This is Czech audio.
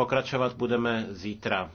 Pokračovat budeme zítra.